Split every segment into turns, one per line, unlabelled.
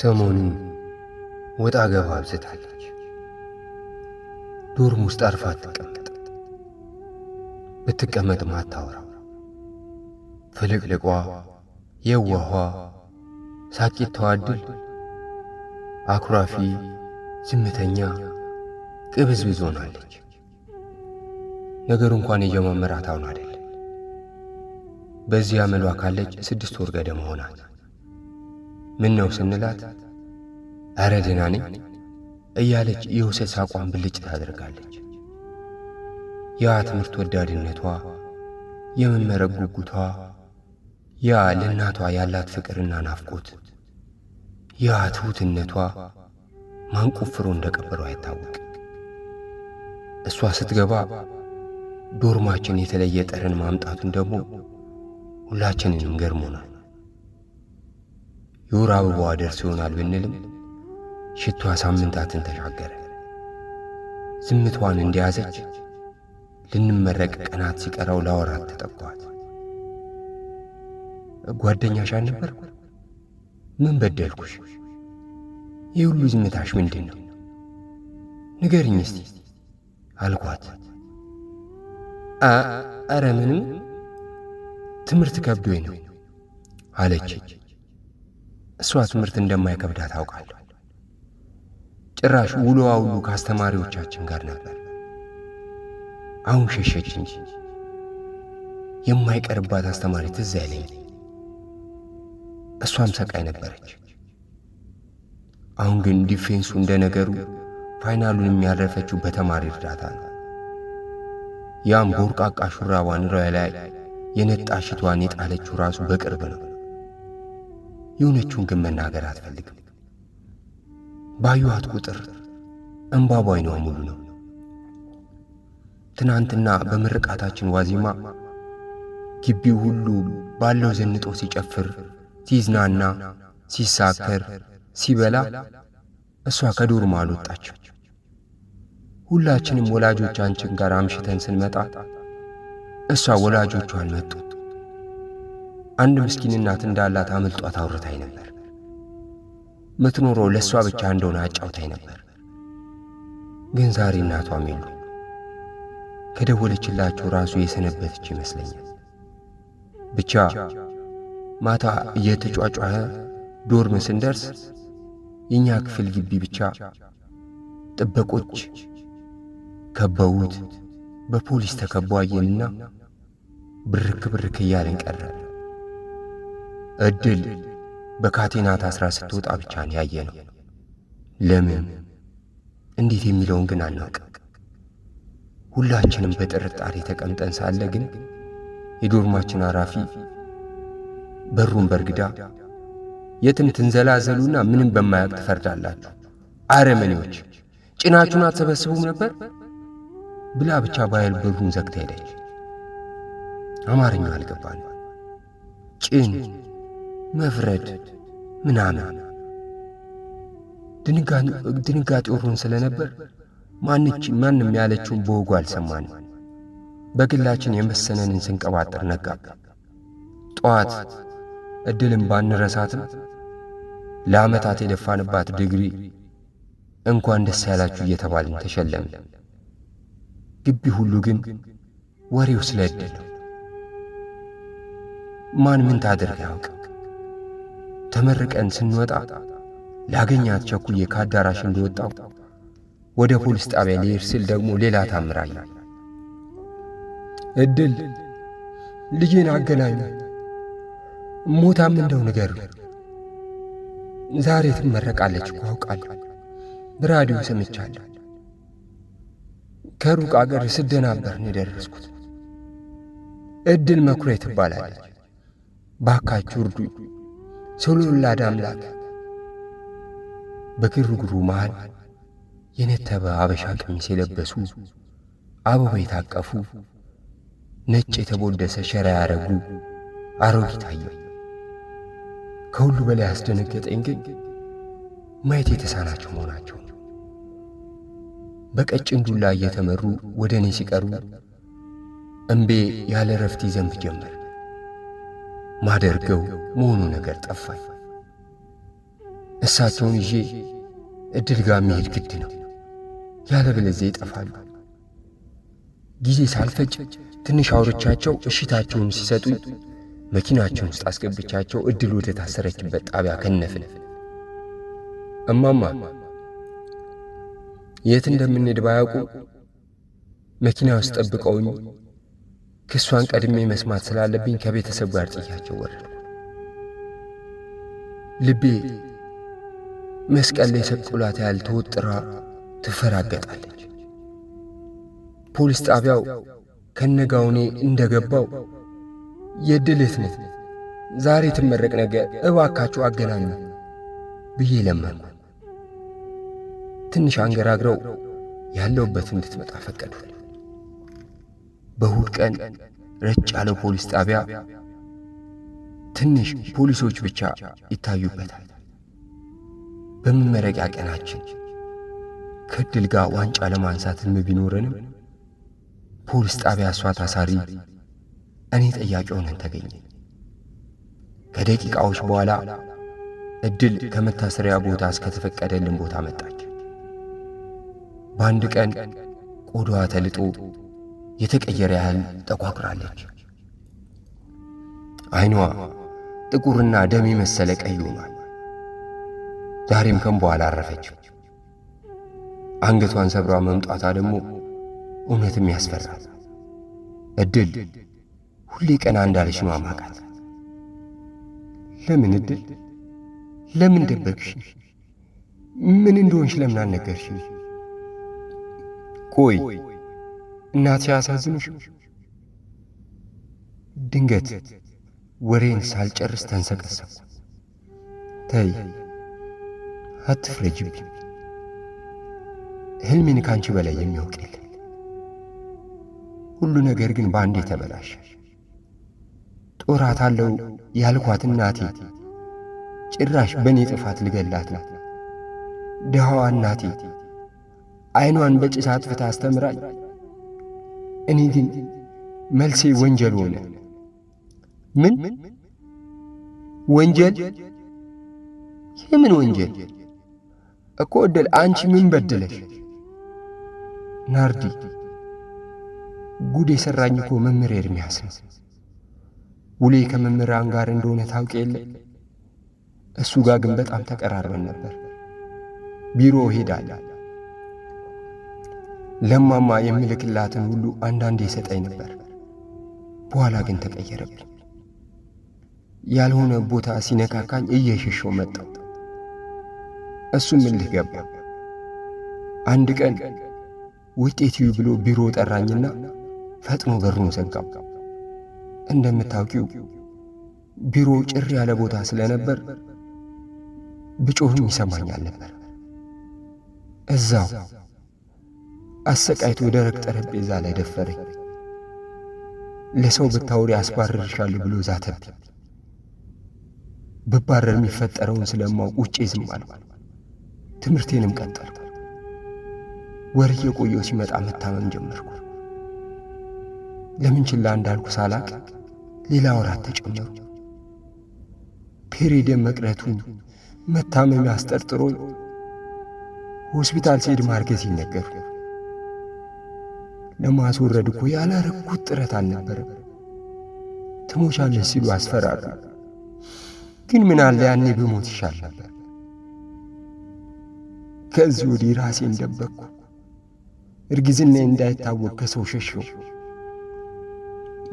ሰሞኑን ወጣ ገባ አብዝታለች። ዶርም ውስጥ አርፋ አትቀመጥ፣ ብትቀመጥ ማታወራ ፍልቅልቋ፣ የዋኋ፣ ሳቂታዋ ድል አኩራፊ፣ ዝምተኛ ቅብዝብዝ ሆናለች። ነገሩ እንኳን የጀማመራት አሁን አይደለም። በዚህ አመሏ ካለች ስድስት ወር ገደማ ሆናት። ምን ነው ስንላት አረ ደህና ነኝ እያለች የውሰት አቋም ብልጭ ታደርጋለች። ያ ትምህርት ወዳድነቷ፣ የመመረቅ ጉጉቷ፣ ያ ለእናቷ ያላት ፍቅርና ናፍቆት፣ ያ ትሑትነቷ ማንቆፍሮ እንደቀበረው አይታወቅ። እሷ ስትገባ ዶርማችን የተለየ ጠረን ማምጣቱን ደግሞ ሁላችንንም ገርሞናል። የወር አበባዋ ደርሶ ይሆናል ብንልም ሽቷ ሳምንታትን ተሻገረ። ዝምቷን እንደያዘች ልንመረቅ ቀናት ሲቀረው ላወራት ተጠጓት። ጓደኛሽ አልነበርኩ? ምን በደልኩሽ? ይህ ሁሉ ዝምታሽ ምንድን ነው? ንገርኝ እስቲ አልኳት። አረ ምንም፣ ትምህርት ከብዶኝ ነው አለች። እሷ ትምህርት እንደማይከብዳ ታውቃለሁ። ጭራሽ ውሎዋ ሁሉ ከአስተማሪዎቻችን ጋር ነበር። አሁን ሸሸች እንጂ የማይቀርባት አስተማሪ ትዝ አይለኝ። እሷም ሰቃይ ነበረች። አሁን ግን ዲፌንሱ እንደ ነገሩ ፋይናሉን የሚያረፈችው በተማሪ እርዳታ ነው። ያም በወርቃቃ ሹራቧን ላይ የነጣ ሽቷን የጣለችው ራሱ በቅርብ ነው። የሆነችውን ግን መናገር አትፈልግም። ባዩዋት ቁጥር እምባቧይ ነው ሙሉ ነው። ትናንትና በምርቃታችን ዋዜማ ግቢው ሁሉ ባለው ዘንጦ ሲጨፍር፣ ሲዝናና፣ ሲሳከር፣ ሲበላ እሷ ከዶርም አልወጣችም። ሁላችንም ወላጆቻችን ጋር አምሽተን ስንመጣ እሷ ወላጆቿን መጡት። አንድ ምስኪን እናት እንዳላት አመልጧት አውርታኝ ነበር። ምትኖረው ለእሷ ብቻ እንደሆነ አጫውታኝ ነበር። ግን ዛሬ እናቷም የሉ። ከደወለችላችሁ ራሱ የሰነበተች ይመስለኛል። ብቻ ማታ እየተጫጫኸ ዶርም ስንደርስ የእኛ ክፍል ግቢ ብቻ ጥበቆች ከበውት በፖሊስ ተከቧየንና ብርክ ብርክ እያለን ቀረ። እድል በካቴና ታስራ ስትወጣ ብቻ ነው ለምን እንዴት የሚለውን ግን አናውቅም። ሁላችንም በጥርጣሬ ተቀምጠን ሳለ ግን የዶርማችን አራፊ በሩን በርግዳ የትም ትንዘላዘሉና ምንም በማያውቅ ትፈርዳላችሁ፣ አረመኔዎች ጭናችሁን አትሰበስቡም ነበር ብላ ብቻ ባይል በሩን ዘግታ ሄደች። አማርኛ አልገባንም። ጭን መፍረድ ምናምን ድንጋጤ ሆኖን ስለነበር ማንች ማንም ያለችውን በወጉ አልሰማንም። በግላችን የመሰነንን ስንቀባጠር ነቃብ ጠዋት እድልን ባንረሳትም ለዓመታት የደፋንባት ዲግሪ እንኳን ደስ ያላችሁ እየተባልን ተሸለምን። ግቢ ሁሉ ግን ወሬው ስለ እድል ማን ምን ታደርግ ያውቅ ተመርቀን ስንወጣ ላገኛት ቸኩዬ ከአዳራሽ እንደወጣው ወደ ፖሊስ ጣቢያ ሊሄድ ስል ደግሞ ሌላ ታምራል። እድል ልጄን አገናኝ፣ ሞታም እንደው ንገር፣ ዛሬ ትመረቃለች እኮ አውቃለሁ፣ በራዲዮ ሰምቻለሁ። ከሩቅ አገር ስደናበር ነው የደረስኩት። እድል መኩሪያ ትባላለች። ባካችሁ እርዱኝ ሰው ለወላድ አምላክ በግርግሩ መሃል የነተበ አበሻ ቀሚስ የለበሱ አበባ የታቀፉ ነጭ የተቦደሰ ሸራ ያረጉ አሮጊት ታየው። ከሁሉ በላይ አስደነገጠኝ ግን ማየት የተሳናቸው መሆናቸው በቀጭን ዱላ እየተመሩ ወደ እኔ ሲቀርቡ እምቤ ያለ ረፍት ይዘንብ ጀመር። ማደርገው መሆኑ ነገር ጠፋኝ። እሳቸውን ይዤ እድል ጋር መሄድ ግድ ነው፣ ያለበለዚያ ይጠፋሉ። ጊዜ ሳልፈጭ ትንሽ አውሮቻቸው እሽታቸውን ሲሰጡ መኪናቸውን ውስጥ አስገብቻቸው እድል ወደ ታሰረችበት ጣቢያ ከነፍን። እማማ የት እንደምንሄድ ባያውቁ መኪና ውስጥ ጠብቀውኝ ክሷን ቀድሜ መስማት ስላለብኝ ከቤተሰብ ጋር ጥያቸው ወረድኩ። ልቤ መስቀል ላይ ሰቅሏት ያህል ተወጥራ ትፈራገጣለች። ፖሊስ ጣቢያው ከነጋውኔ እንደገባው የድልት ነት ዛሬ ትመረቅ ነገ እባካችሁ አገናኙ ብዬ ለመንኩ። ትንሽ አንገራግረው ያለውበት እንድትመጣ ፈቀዱል። በእሁድ ቀን ረጭ ያለው ፖሊስ ጣቢያ ትንሽ ፖሊሶች ብቻ ይታዩበታል። በመመረቂያ ቀናችን ከድል ጋር ዋንጫ ለማንሳት ህልም ቢኖረንም ፖሊስ ጣቢያ እሷ ታሳሪ፣ እኔ ጠያቂ ሆነን ተገኘ። ከደቂቃዎች በኋላ እድል ከመታሰሪያ ቦታ እስከተፈቀደልን ቦታ መጣች። በአንድ ቀን ቆዳዋ ተልጦ የተቀየረ ያህል ጠቋቁራለች። ዓይኗ ጥቁርና ደም የመሰለ ቀይ ሆኗል። ዛሬም ከም በኋላ አንገቷን ሰብራ መምጣቷ ደግሞ እውነትም ያስፈራል። እድል ሁሌ ቀና እንዳለች ነው አማቃት። ለምን እድል ለምን ደበቅሽ? ምን እንደሆንሽ ለምን አልነገርሽ? ቆይ እናት አሳዝንሽ። ድንገት ወሬን ሳልጨርስ ተንሰቀሰኩ። ተይ አትፍረጅብኝ። ህልሚን ካንቺ በላይ የሚያውቅ የለም። ሁሉ ነገር ግን በአንዴ ተበላሸ። ጦራት አለው ያልኳት እናቴ ጭራሽ በእኔ ጥፋት ልገላት ድሃዋ እናቴ ዐይኗን በጭሳት ፍታ አስተምራኝ እኔ ግን መልሴ ወንጀል ሆነ። ምን ወንጀል? የምን ወንጀል እኮ እድል፣ አንቺ ምን በደለሽ? ናርዲ ጉድ የሠራኝ እኮ መምህር ኤርሚያስ ነው። ውሌ ከመምህራን ጋር እንደሆነ ታውቅ የለ እሱ ጋር ግን በጣም ተቀራርበን ነበር። ቢሮ ሄዳለ ለማማ የምልክላትን ሁሉ አንዳንዴ ይሰጠኝ ነበር። በኋላ ግን ተቀየረብኝ። ያልሆነ ቦታ ሲነካካኝ እየሸሸው መጣው። እሱም እልህ ገባ። አንድ ቀን ውጤት ብሎ ቢሮ ጠራኝና ፈጥኖ በሩን ዘጋው። እንደምታውቂው ቢሮ ጭር ያለ ቦታ ስለነበር ብጮህም ይሰማኛል ነበር እዛው አሰቃይቶ ደረቅ ጠረጴዛ ላይ ደፈረኝ። ለሰው ብታወሪ አስባርርሻለሁ ብሎ ዛተብኝ። ብባረር የሚፈጠረውን ስለማውቅ ውጭ ዝም አልኩ። ትምህርቴንም ቀጠልኩ። ወር የቆየው ሲመጣ መታመም ጀመርኩ። ለምን ችላ እንዳልኩ ሳላቅ ሌላ ወራት ተጨመሩ። ፔሬድን መቅረቱን መታመም አስጠርጥሮኝ ሆስፒታል ስሄድ ማርገዝ ይነገሩ ለማስወረድ እኮ ያላረኩት ጥረት አልነበረም። ትሞቻለህ ሲሉ አስፈራሩ። ግን ምን አለ ያኔ ብሞት ይሻል ነበር። ከዚህ ወዲህ ራሴ እንደበቅኩ እርግዝና እንዳይታወቅ ከሰው ሸሸው።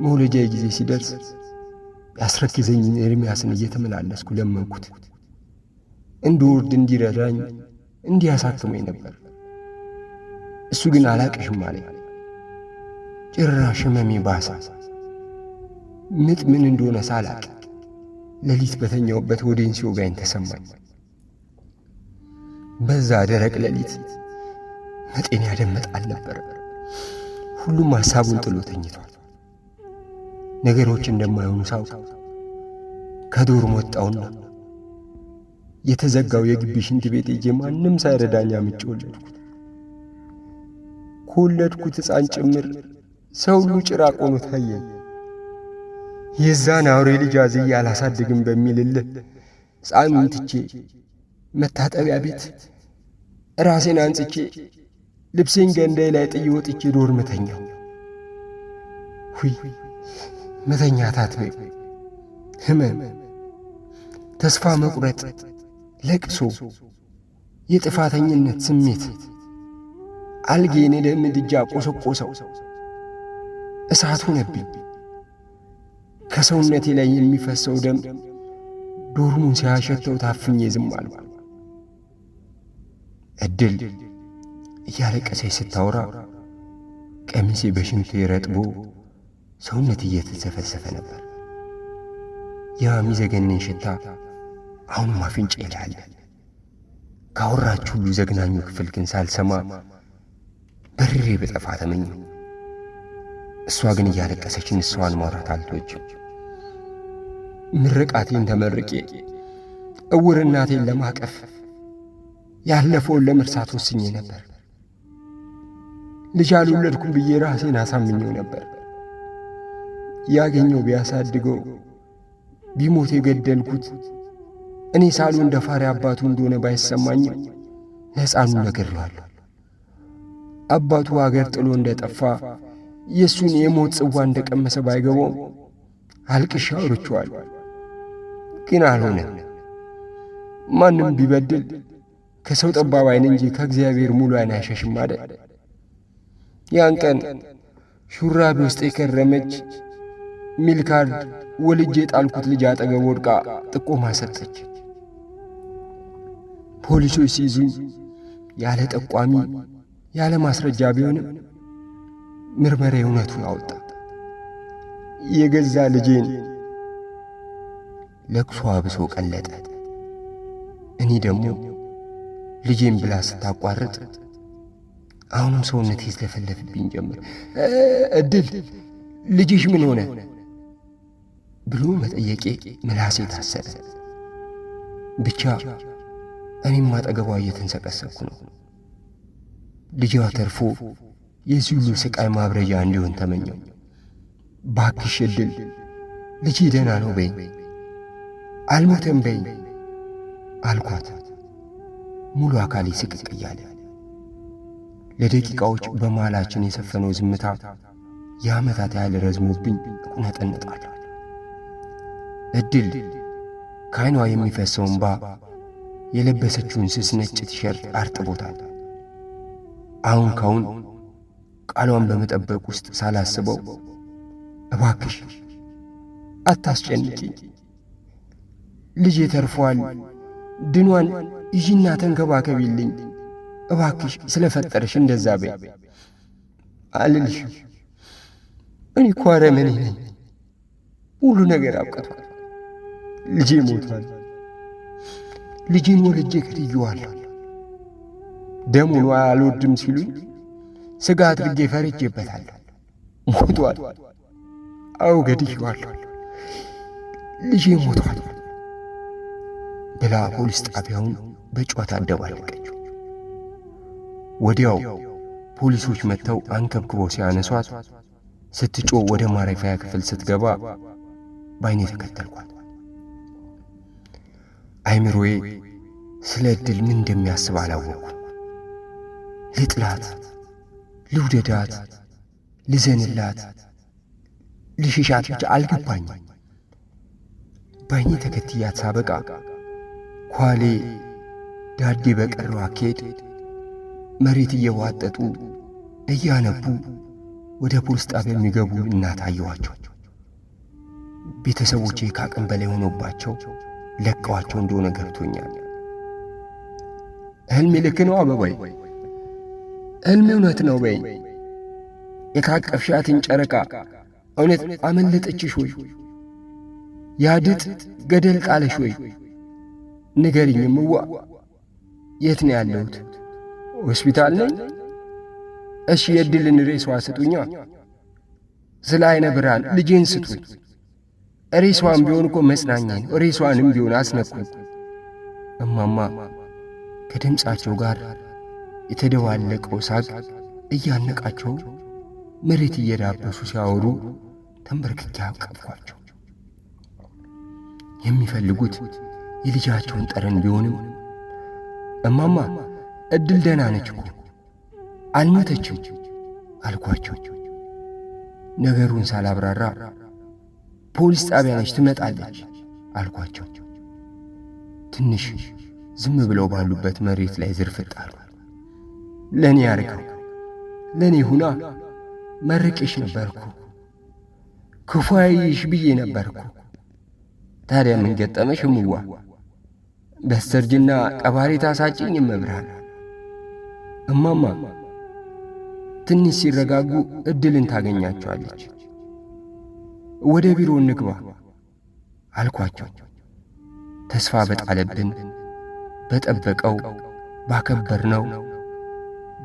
መውለጃ ጊዜ ሲደርስ ያስረክዘኝን ኤርምያስን እየተመላለስኩ ለመንኩት። እንድወርድ እንዲረዳኝ እንዲያሳክመኝ ነበር። እሱ ግን አላቅሽም አለኝ። ጭራሽ ህመሜ ምጥ ምን እንደሆነ ሳላቅ ሌሊት በተኛውበት ወዴን ሲወጋኝ ተሰማኝ። በዛ ደረቅ ሌሊት መጤን ያደመጥ አልነበረ። ሁሉም ሐሳቡን ጥሎ ተኝቷል። ነገሮች እንደማይሆኑ ሳውቅ ከዶርም ወጣውና የተዘጋው የግቢ ሽንት ቤት እጄ ማንም ሳይረዳኝ አምጬ ወለድኩት። ከወለድኩት ሕፃን ጭምር ሰው ሁሉ ጭራቅ ሆኖ ታየኝ። የዛን አውሬ ልጅ አዝዬ አላሳድግም በሚልልህ ሕፃኑን ትቼ መታጠቢያ ቤት ራሴን አንጽቼ ልብሴን ገንዳይ ላይ ጥዬ ወጥቼ ዶር መተኛው። ሁይ መተኛት አትበይ፣ ሕመም፣ ተስፋ መቁረጥ፣ ለቅሶ፣ የጥፋተኝነት ስሜት አልጌን ደምድጃ ቆሰቆሰው። እሳት ሆነብኝ። ከሰውነቴ ላይ የሚፈሰው ደም ዶርሙን ሲያሸተው ታፍኜ ዝም አልኩ። እድል እያለቀሰች ስታወራ ቀሚሴ በሽንቴ ረጥቦ ሰውነት እየተዘፈዘፈ ነበር። ያ የሚዘገንን ሽታ አሁንም አፍንጭ ይላል። ካወራች ሁሉ ዘግናኙ ክፍል ግን ሳልሰማ በርሬ በጠፋ ተመኘው። እሷ ግን እያለቀሰች ንስዋን ማውራት አልተወችም። ምርቃቴን ተመርቄ እውር እናቴን ለማቀፍ ያለፈውን ለመርሳት ወስኜ ነበር። ልጅ አልወለድኩም ብዬ ራሴን አሳምኜው ነበር። ያገኘው ቢያሳድገው ቢሞት የገደልኩት እኔ እንደ ፋሪ አባቱ እንደሆነ ባይሰማኝም ለሕፃኑ ነግሬዋለሁ። አባቱ አገር ጥሎ እንደጠፋ የእሱን የሞት ጽዋ እንደቀመሰ ባይገባውም አልቅሻ አውርቼዋል። ግን አልሆነ። ማንም ቢበድል ከሰው ጠባብ አይን እንጂ ከእግዚአብሔር ሙሉ አይን አይሸሽም አለ። ያን ቀን ሹራቤ ውስጥ የከረመች ሚልካርድ ወልጄ የጣልኩት ልጅ አጠገብ ወድቃ ጥቆማ ሰጠች። ፖሊሶች ሲይዙኝ ያለ ጠቋሚ ያለ ማስረጃ ቢሆንም ምርመሬ እውነቱን አወጣ። የገዛ ልጄን ለቅሶ አብሶ ቀለጠ። እኔ ደግሞ ልጄን ብላ ስታቋርጥ አሁንም ሰውነት ይዝለፈለፍብኝ ጀምር። እድል ልጅሽ ምን ሆነ ብሎ መጠየቄ ምላሴ ታሰረ። ብቻ እኔም አጠገቧ እየተንሰቀሰኩ ነው። ልጅዋ ተርፎ የዚህ ሁሉ ሥቃይ ማብረጃ እንዲሆን ተመኘው። ባክሽ ዕድል ልጄ ደህና ነው በይ፣ አልሞተም በይ አልኳት። ሙሉ አካል ስቅቅ እያለ ለደቂቃዎች በመሃላችን የሰፈነው ዝምታ የዓመታት ያህል ረዝሞብኝ እቁነጠነጣለሁ። እድል ከዓይኗ የሚፈሰው እምባ የለበሰችውን ስስ ነጭ ቲሸርት አርጥቦታል። አሁን ካሁን ቃሏን በመጠበቅ ውስጥ ሳላስበው እባክሽ አታስጨንቂ፣ ልጄ ተርፏል፣ ድኗን ይዥና ተንከባከቢልኝ፣ እባክሽ ስለፈጠረሽ እንደዛ በይ አልልሽ። እኔ እኮ አረመኔ ነኝ። ሁሉ ነገር አብቅቷል። ልጄ ሞቷል። ልጄን ወልጄ ከድየዋለሁ። ደሙን አልወድም ሲሉኝ ስጋ አድርጌ ፈርጄበታለሁ። ሞቷል። አው ልጄ ሞቷል ብላ ፖሊስ ጣቢያውን በጨዋታ አደባለቀችው። ወዲያው ፖሊሶች መጥተው አንከብክቦ ሲያነሷት ስትጮ ወደ ማረፊያ ክፍል ስትገባ ባይኔ ተከተልኳት። አይምሮዬ ስለ ዕድል ምን እንደሚያስብ አላወቅኩም። ልጥላት ልውደዳት፣ ልዘንላት፣ ልሽሻት ብቻ አልገባኝ። ባይኔ ተከትያት ሳበቃ ኳሌ ዳዴ በቀረው አካሄድ መሬት እየዋጠጡ እያነቡ ወደ ፖሊስ ጣቢያ የሚገቡ እናት አየኋቸው። ቤተሰቦቼ ከአቅም በላይ ሆኖባቸው ለቀዋቸው እንደሆነ ገብቶኛል። እህል ልክ ነው አበባይ ሕልም እውነት ነው በይ። የታቀፍሻትን ጨረቃ እውነት አመለጠችሽ ወይ? ያድጥ ገደል ቃለሽ ወይ? ንገሪኝም እዋ የት ነው ያለሁት? ሆስፒታል ነኝ? እሺ የድልን ሬሷ ስጡኛ። ስለ አይነ ብርሃን ልጄን ስጡኝ። ሬሷን ቢሆን እኮ መጽናኛ ነው። ሬሷንም ቢሆን አስነኩ። እማማ ከድምፃቸው ጋር የተደባለቀው ሳቅ እያነቃቸው መሬት እየዳበሱ ሲያወሩ ተንበርክኬ አቀፍኳቸው። የሚፈልጉት የልጃቸውን ጠረን ቢሆንም እማማ እድል ደህና ነች እኮ አልሞተችም አልኳቸው። ነገሩን ሳላብራራ ፖሊስ ጣቢያ ነች ትመጣለች አልኳቸው። ትንሽ ዝም ብለው ባሉበት መሬት ላይ ዝርፍጥ አሉ። ለእኔ ያርገው፣ ለእኔ ሁና መርቅሽ ነበርኩ፣ ክፉ ብዬ ነበርኩ። ታዲያ ምን ገጠመሽ እምዋ? በስተርጅና ቀባሪ ታሳጭኝ እመብርሃን እማማ ትንሽ ሲረጋጉ እድልን ታገኛቸዋለች። ወደ ቢሮ እንግባ አልኳቸው። ተስፋ በጣለብን በጠበቀው ባከበርነው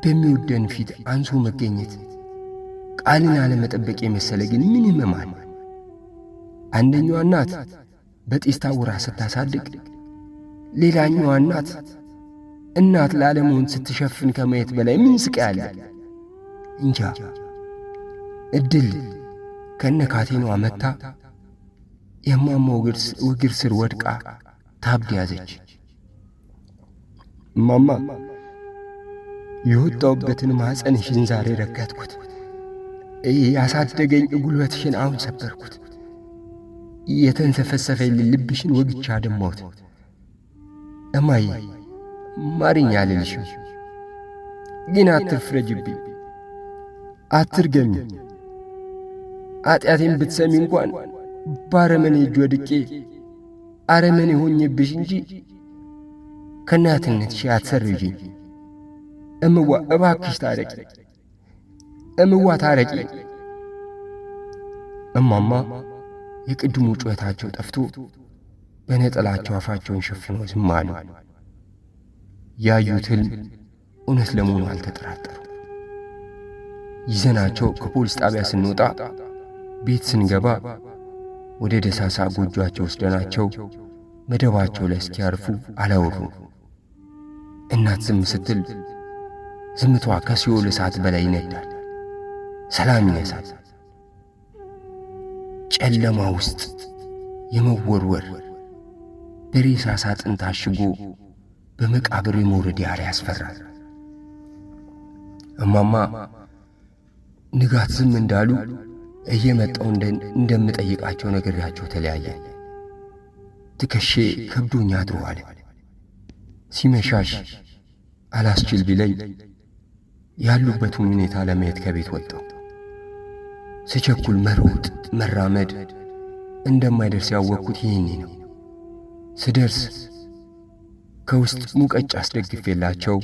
በሚወደን ፊት አንሶ መገኘት ቃልን አለመጠበቅ የመሰለ ግን ምን ይመማል? አንደኛዋ እናት በጤስታ ውራ ስታሳድግ፣ ሌላኛዋ እናት እናት ላለመሆን ስትሸፍን ከማየት በላይ ምን ስቃ ያለ እንጃ። እድል ከነ ካቴኗ መታ የማማ እግር ስር ወድቃ ታብድ ያዘች። እማማ የወጣውበትን ማፀንሽን ዛሬ ረገጥኩት። ያሳደገኝ ጉልበትሽን አሁን ሰበርኩት። የተንሰፈሰፈኝ ልብሽን ወግቻ ደማሁት። እማዬ ማርኛ አልልሽም፣ ግን አትፍረጅብኝ፣ አትርገሚ። ኀጢአቴን ብትሰሚ እንኳን ባረመኔ እጅ ወድቄ አረመኔ ሆኜብሽ እንጂ ከእናትነትሽ አትሰርዥኝ። እምዋ እባክሽ ታረቂ፣ እምዋ ታረቂ። እማማ የቅድሙ ጩኸታቸው ጠፍቶ በነጠላቸው አፋቸውን ሸፍነው ዝም አሉ። ያዩት ሕልም እውነት ለመሆኑ አልተጠራጠሩ። ይዘናቸው ከፖሊስ ጣቢያ ስንወጣ፣ ቤት ስንገባ ወደ ደሳሳ ጎጇቸው ወስደናቸው መደባቸው ላይ እስኪያርፉ አላወሩ። እናት ዝም ስትል ዝምቷ ከሲኦል እሳት በላይ ይነዳል፣ ሰላም ይነሳል። ጨለማ ውስጥ የመወርወር በሬሳ ሳጥን ታሽጎ በመቃብር የመውረድ ያህል ያስፈራል። እማማ ንጋት ዝም እንዳሉ እየመጣው እንደምጠይቃቸው ነግሬያቸው ተለያየ። ትከሼ ከብዶኛ አድሯል። ሲመሻሽ አላስችል ቢለኝ ያሉበትን ሁኔታ ለማየት ከቤት ወጣው። ስቸኩል መሮጥ መራመድ እንደማይደርስ ያወቅኩት ይህኔ ነው። ስደርስ ከውስጥ ሙቀጫ አስደግፌላቸው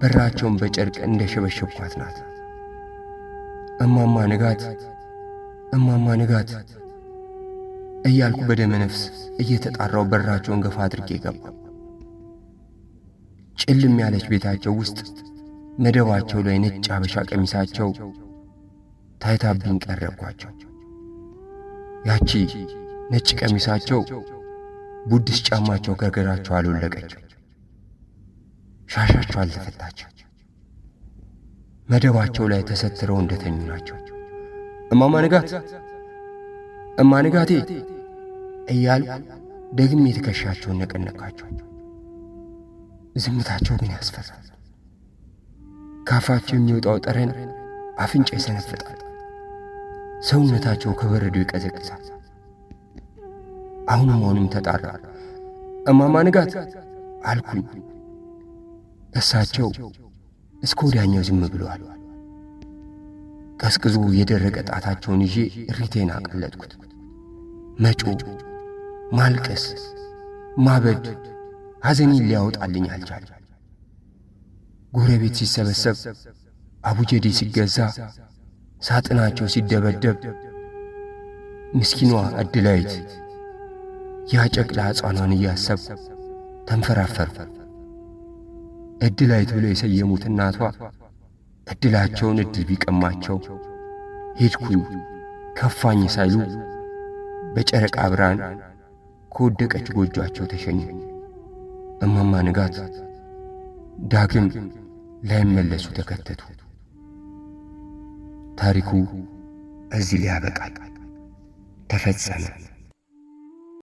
በራቸውን በጨርቅ እንደሸበሸብኳት ናት። እማማ ንጋት እማማ ንጋት እያልኩ በደመ ነፍስ እየተጣራው በራቸውን ገፋ አድርጌ ገባ። ጭልም ያለች ቤታቸው ውስጥ መደባቸው ላይ ነጭ አበሻ ቀሚሳቸው ታይታብኝ ቀረብኳቸው። ያቺ ነጭ ቀሚሳቸው ቡድስ ጫማቸው ከእግራቸው አልወለቀችው፣ ሻሻቸው አልተፈታቸው፣ መደባቸው ላይ ተሰትረው እንደተኙ ናቸው። እማማ ንጋት እማ ንጋቴ እያል ደግሜ የትከሻቸውን ነቀነቃቸው። ዝምታቸው ግን ያስፈራል። ካፋቸው የሚወጣው ጠረን አፍንጫ ይሰነፍጣል። ሰውነታቸው ከበረዶ ይቀዘቅዛል። አሁንም አሁንም ተጣራ። እማማ ንጋት አልኩኝ። እሳቸው እስከ ወዲያኛው ዝም ብለዋል። ቀስቅዙ የደረቀ ጣታቸውን ይዤ እሪቴን አቀለጥኩት። መጮ፣ ማልቀስ፣ ማበድ ሐዘኔን ሊያወጣልኝ አልቻለም። ጎረቤት ሲሰበሰብ፣ አቡጀዲ ሲገዛ፣ ሳጥናቸው ሲደበደብ፣ ምስኪኗ እድላይት ያ ጨቅላ ሕፃኗን እያሰብ ተንፈራፈር። እድላይት ብለው የሰየሙት እናቷ እድላቸውን እድል ቢቀማቸው ሄድኩኝ ከፋኝ ሳይሉ በጨረቃ ብርሃን ከወደቀች ጎጇቸው ተሸኘ። እማማ ንጋት ዳግም ላይመለሱ ተከተቱ። ታሪኩ እዚህ ላይ ተፈጸመ።